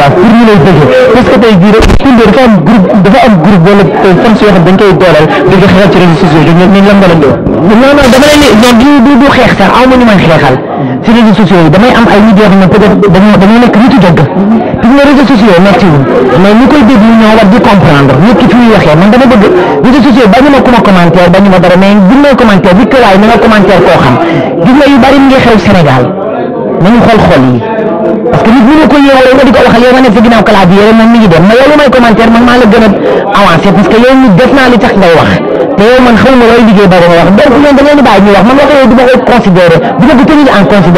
base pour ñu lay déggee parce que tey jii rek Koungheul dafa am groupe dafa am groupe wala tey fan si yoo xam dañ koy doolal di ko xeexal ci réseaux sociaux yi ñoom ñoom lan nga leen doon. non non dama leen di ñoom du du xeex sax aw ma ñu may xeexal ci réseaux sociaux yi damay am ay nit yoo xam ne peut être dañoo dañoo nekk nitu dëgg parce que réseaux sociaux yi métti mais ñu koy déglu ñoo war di comprendre nit ki fi muy waxee man dama bëgg réseaux sociaux yi bañu ma ku ma commentaire bañu ma dara mais gis nga commentaire bi këlaay na nga commentaire koo xam gis nga yu bari mi ngi xew Sénégal nañu xool xool yi parce que nit ko yeewoo nga di ko waxal yow ma nekk sa ginnaaw clavier rek moom mi ngi dem mais yow li may commentaire man maa la gën a avancé parce que yow nit naa li tax ngay wax te yow man xaw ma looy liggéey ba nga wax donc ñoom da ngeen di bàyyi ñu wax man wax yow du ma koy considéré du ko tenir en ci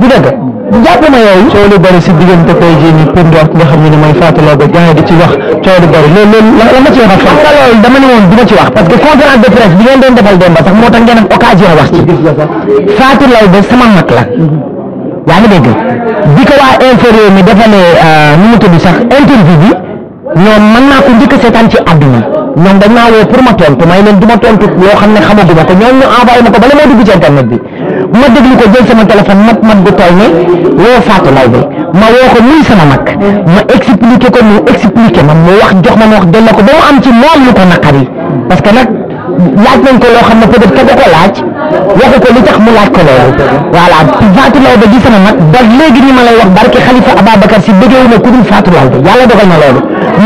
du dëgg bu jàpp ma yooyu coow lu bari si diggante tey jii nii ne ne mooy Fatou ba gars yi di ci wax coow lu bari ma ci wax xam nga loolu ne ma ci wax parce que conférence de presse bi ba moo tax ngeen am occasion wax ci sama mag la yaa ngi dégg bi ko waa inférieur mi defalee euh, nu mu tudd sax interview bi ñoom mën naa ko njëkk a seetaan ci àdduna ñoom dañ maa woo pour ma tontu may leen du ma tontu loo xam ne xamaguma ko ñoom ñu envoyé ma ko bala may dugg internet bi ma déglu ko jël sama téléphone mat mat gu toll ne woo Fatou Laye bi ma woo ko muy sama mag ma expliqué ko mu expliqué ma mu wax jox ma ma wax delloo ko ba mu am ci moom lu ko naqari parce que nag. laaj nañ ko loo xam ne peut-être ka ko laaj waxu ko li tax mu laaj ko loolu voilà Fatou Laobé di sama mag ba léegi ni ma lay wax barke Khalifa Ababacar si bëggeewu ma ku dul Fatou Laobé yàlla dogal na loolu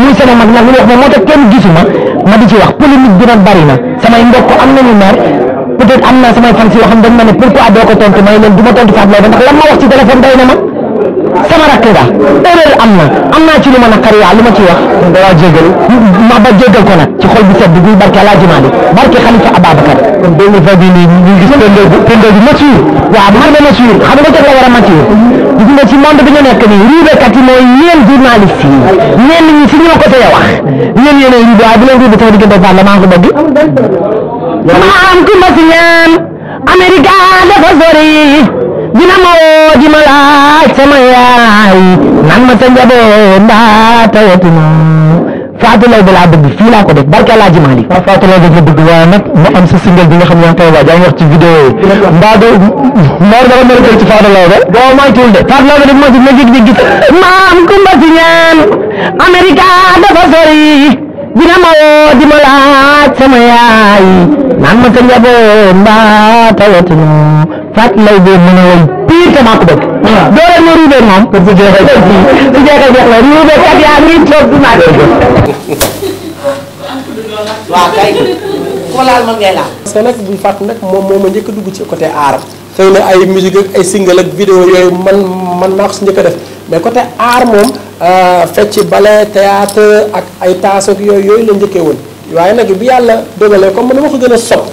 wax ma moo tax kenn gisuma ma di ci wax polémique bi nag bari na samay mbokk am nañu mer peut-être am na samay fan si yoo xam dañ ma ne pourquoi doo ko tontu may leen du ma tontu Fatou Laobé ndax lan ma wax ci téléphone day na ma sama rakk la erreur am na am na ci lu ma naqari waa lu ma ci wax dawaa ma ba jégal ko nag ci xol bi sedd guy barke alaaji Maalik barke xalifa Ababacar kon benn vague yi nii ñu gis pendoo bi pendoo bi mature waaw xam nga mature xam nga teg la war a mature gis nga ci monde bi ñu nekk nii ruubekat yi mooy ñeen journaliste yi ñeen ñi si ñoo ko tey wax ñeen yéen ay ruube waaye bu leen ruube sama diggante parlement ko bëgg dama am si ñaan Amérique dafa sori dina ma woo ma laaj sama yaay nan ma sa njaboot mbaa tawatuma Fatou Laobé laa bëgg fii laa ko def barke El Hadj Malick. waaw Fatou Laobé nga bëgg waaye nag mu am sa single bi nga xam ne yaa ngi koy waaj a wax ci vidéo yi. mbaa do Mor dama mel ni ci Fatou Laobé. ma gis ma gis ma gis. maam dina ma woo di ma laaj sama yaay naan ma sa njaboot boobu mën a woy pire te bëgg moom pour su jeexee su jeexee jeex la fàtt nag moom moo ma njëkk dugg ci côté art xëy na ay musique ay single ak vidéo yooyu man man maa si njëkk a def mais côté art moom Euh, fecc ballet théâtre ak ay taas yooyu yooyu la njëkkee woon waaye nag bi yàlla dogalee comme na ma ko gën a sopp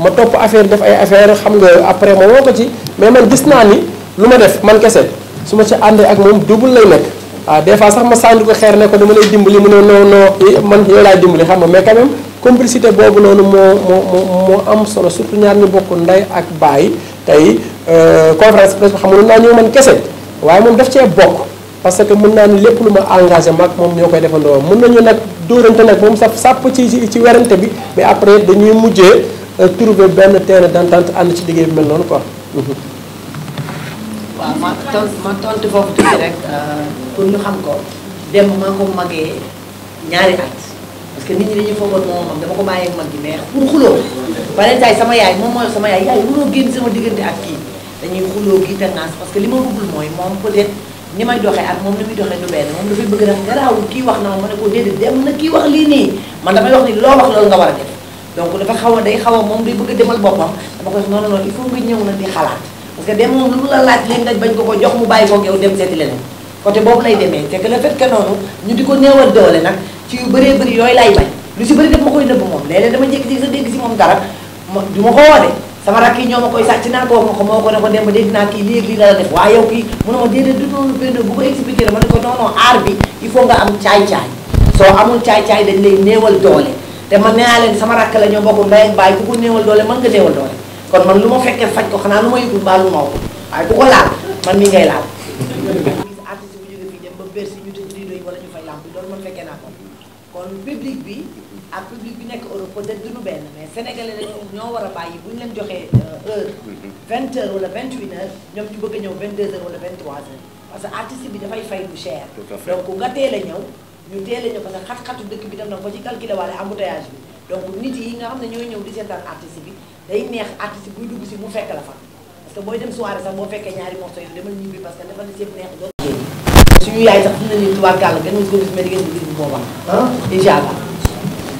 ma topp affaire def ay affaire xam nga après ma woo ko ci mais man gis naa ni lu ma def man kese su ma ci àndee ak moom double lay nekk waaw ah, des fois sax ma sànni ko xeer nekk ko dama lay dimbali mu ne non non eh, man yow laay dimbali xam nga mais quand même complicité boobu noonu moo moo moo am solo surtout ñaar ñu bokk ndey ak baay tey euh, conférence presse bi xam nga naa ñëw man kese waaye moom daf cee bokk. parce que mën naa ni lépp lu ma engagé maag moom ñoo koy defandoo mën nañu nag dóorante nag moom saf sàpp ci ci ci werante bi mais après dañuy mujjee euh, trouver benn terrain d'entente ànd ci liggéey bi mel noonu quoi. Euh, pour ñu xam ko dem maa ko magee ñaari at parce que nit moo sama yaay moom sama yaay ak kii dañuy xuloo parce que li ma ni may doxee ak moom ni muy doxee du benn moom dafay bëgg def garaawul kii wax na ma ma ne ko déedéet dem na kii wax lii nii man damay wax ni loo wax loolu nga war a def donc dafa xaw a xaw a moom day bëgg demal boppam dama koy wax noonu noonu il faut nga ñëw na mu ko ko jox mu bàyyi ko yow dem seeti leneen côté boobu lay demee te que le fait que noonu ñu di ko néewal doole nag ci yu bëree bëri yooyu lay bañ lu si bëri def ma koy nëbb moom léeg-léeg dama jékki si sa dégg si moom dara ma du ma ko sama rakk yi ñoo ma koy sàcc naa ko wax ma ko moo ko ne ko dem ba dégg naa kii lii la la def waaye yow kii mu ne ma déedéet du noonu benn bu ko expliqué la ma ne ko non non aar bi il faut nga am caay-caay soo amul caay-caay dañ lay néewal doole te man nee naa leen sama rakk la ñoo bokk mbay ak baay ku ko néewal doole mën nga néewal doole kon man lu ma fekkee faj ko xanaa lu ma yëgul mbaa lu ma wax waaye ku ko laal man mi ngay laal bi ak public bi nekk Europe peut-être duñu benn mais sénégalais lañu ñoo war a bàyyi bu ñu leen joxee euh, heure mm-hmm. vingt heures wala vingt une ñoom ñu bëgg a ñëw vingt vingt trois heures parce que artiste bi dafay fay lu cher donc nga teel ñëw ñu teel ñëw parce que xat-xatu dëkk bi tam na ko ci calculer waale embouteillage bi donc nit yi nga xam ne ñooy ñëw di seetaan artiste bi day neex artiste buy dugg si mu fekk la fa parce que booy dem soirée sax boo fekkee ñaari morceaux yow demal ñibbi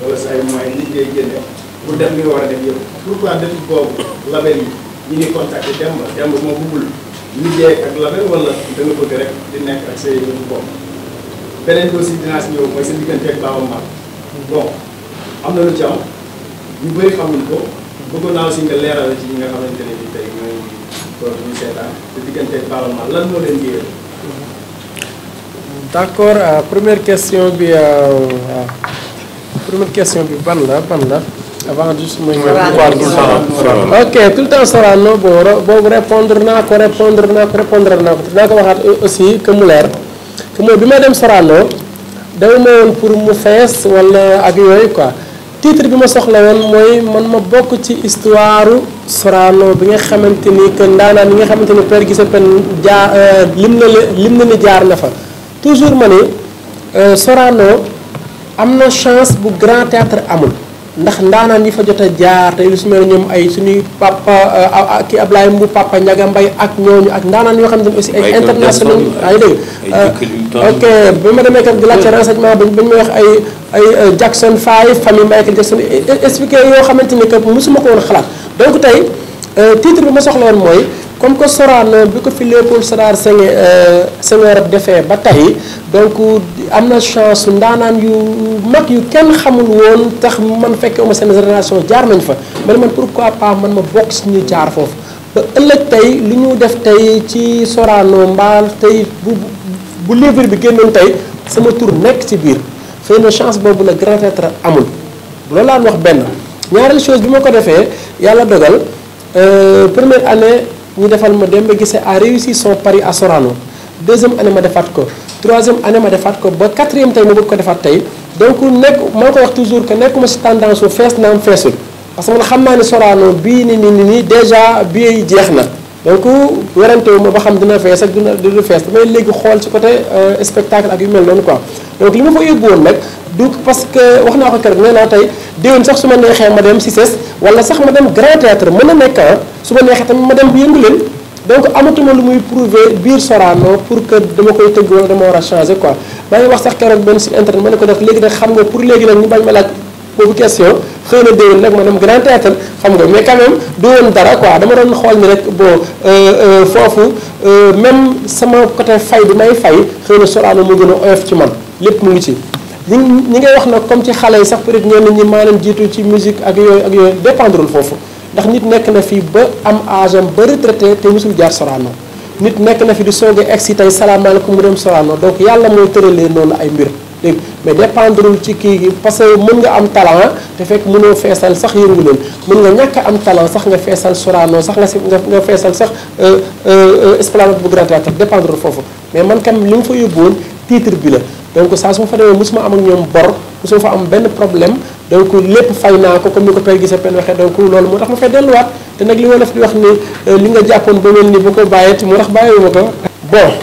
wala say moyens nit ngay génne pour def li nga war a def yëpp pourquoi def boobu label yi ñu ngi contacté Demba Demba moo bëggul liggéey ak label wala da nga bëgg rek di nekk ak say yëngu bopp beneen bi aussi dinaa si ñëw mooy sa diggante ak Baba Maal bon am na lu ci am ñu bëri xamuñ ko bëggoon naa aussi nga leeral ci ñi nga xamante ne bii tey mooy tool bu ñu seetaan sa diggante ak Baba Maal lan moo leen yéeral. d' accord euh, première question bi. Euh, première question bi ban la ban la avant juste mooy. ok tout le temps Sorano boobu boobu répondre naa ko répondre naa ko répondre naa ko dinaa ko waxaat aussi que mu leer que bi may dem Sorano daw ma woon pour mu fees wala ak yooyu quoi titre bi ma soxla woon mooy man ma bokk ci histoire Sorano bi nga xamante ni que ndaanaan yi nga xamante ni Père Guissé Pène jaar euh, lim na lim na ni jaar na fa toujours ma ni euh, Sorano. am na chance bu grand théâtre amul ndax ndaanaan yi fa jot a jaar tey lu su mel ñoom ay suñuy papa euh, ki Ablaye Mbu papa Ndiaga Mbaye ak ñooñu ak ndaanaan yoo xam ne aussi ay international yaa euh, ma demee kat di laajte renseignement bañ bañ ay ay euh, Jackson Five famille Michael Jackson expliqué yoo xamante ni que mosuma ko woon xalaat donc tey titre bi ma soxla woon mooy comme que Sorano bi ko fi Léopold Sédar Senghor euh, defee ba tey donc am na chance ndaanaan yu mag yu kenn xamul woon tax man fekkee uma seen génération jaar nañ fa man pour pourquoi pas man ma bokk si ñu jaar foofu ba ëllëg tey lu ñu def tey ci Sorano mbaa tey bu bu livre bi génnoon tey sama tur nekk ci biir xëy na chance boobu la grand théâtre amul loolu laa wax benn ñaareel chose bi ma ko defee yàlla dogal euh, première année ñu defal ma Demba gise à réussi son pari à Sorano deuxième année defaat ko troisième année defaat ko ba quatrième tey ma bëgg ko defaat tey donc nekk maa ko wax toujours que nekkuma si tendance su fees naam feesul parce que man xam naa ne Sorano bii ni ni ni nii déjà billets yi jeex na donc werante wu ma ba xam dina fees ak dina du fees damay léegi xool ci côté euh, spectacle ak yu mel noonu quoi donc li ma fa yóbbu woon nag دوك باسك واخنا واخا كرك نانا تاي ديون صاح سوما نيهي ما ديم سيسس ولا صاح ما ديم غران تياتر مانا نيكا سوما نيهي تام ما ديم بيغلين دونك اماتو ما لوموي بروفي بير سورانو بور كو داما كاي تيغ ولا داما ورا شانجي كوا باغي واخ صاح كرك بن سي انترنت مانا كو داف ليغي داك خامغو بور ليغي لا ني باج ما بوبو كاسيون xeyna de won nak manam grand théâtre xam nga mais quand même do won dara quoi dama don xol ni rek bo euh euh fofu euh même sama côté fay bi may fay xeyna sorano mo gëna ñi ñi ngay wax na comme ci xale yi sax peut être ñenn ñi maa leen jiitu ci musique ak yooyu ak foofu ndax nit nekk na fi ba am âge am ba retraité te musul jaar Sorano nit nekk na fi di soog a egg si tey salaamaaleykum mu dem Sorano donc yàlla mooy tëralee noonu ay mbir dégg mais dépendrul ci kii gi parce que mën nga am talent te fekk mënoo feesal sax yëngu leen mën nga ñàkk am talent sax nga feesal Sorano sax nga si nga feesal sax euh, euh, euh, Esplanade bu Grand Théâtre dépendrul foofu titre bi la donc saa su ma fa demee mosuma am ak ñoom bor mosuma fa am benn problème donc lépp fay naa ko comme ni ko pay gisee pen waxee donc euh, ko bàyyee moo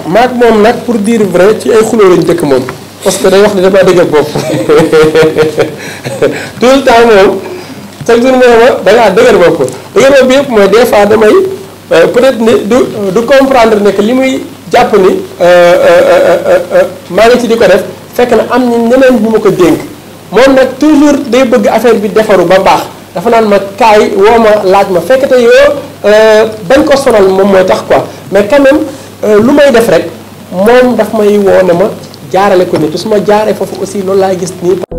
tax moom nag pour dire vrai ci ay xuloo lañ dëkk moom parce day wax ne damaa dëggal bopp tout bopp bi yëpp mooy des damay euh, peut ni du du comprendre ne li muy jàpp ni euh, euh, euh, maa ngi ci di ko def fekk na am na ñeneen bu ma ko dénk moom nag toujours day bëgg affaire bi defaru ba baax dafa naan ma kaay woo ma laaj ma fekk te yoo bañ ko sonal moom mooy tax ko mais quand même lu may def rek moom daf may woo ne ma jaarale ko nit su ma jaaree foofu aussi loolu laay gis nii.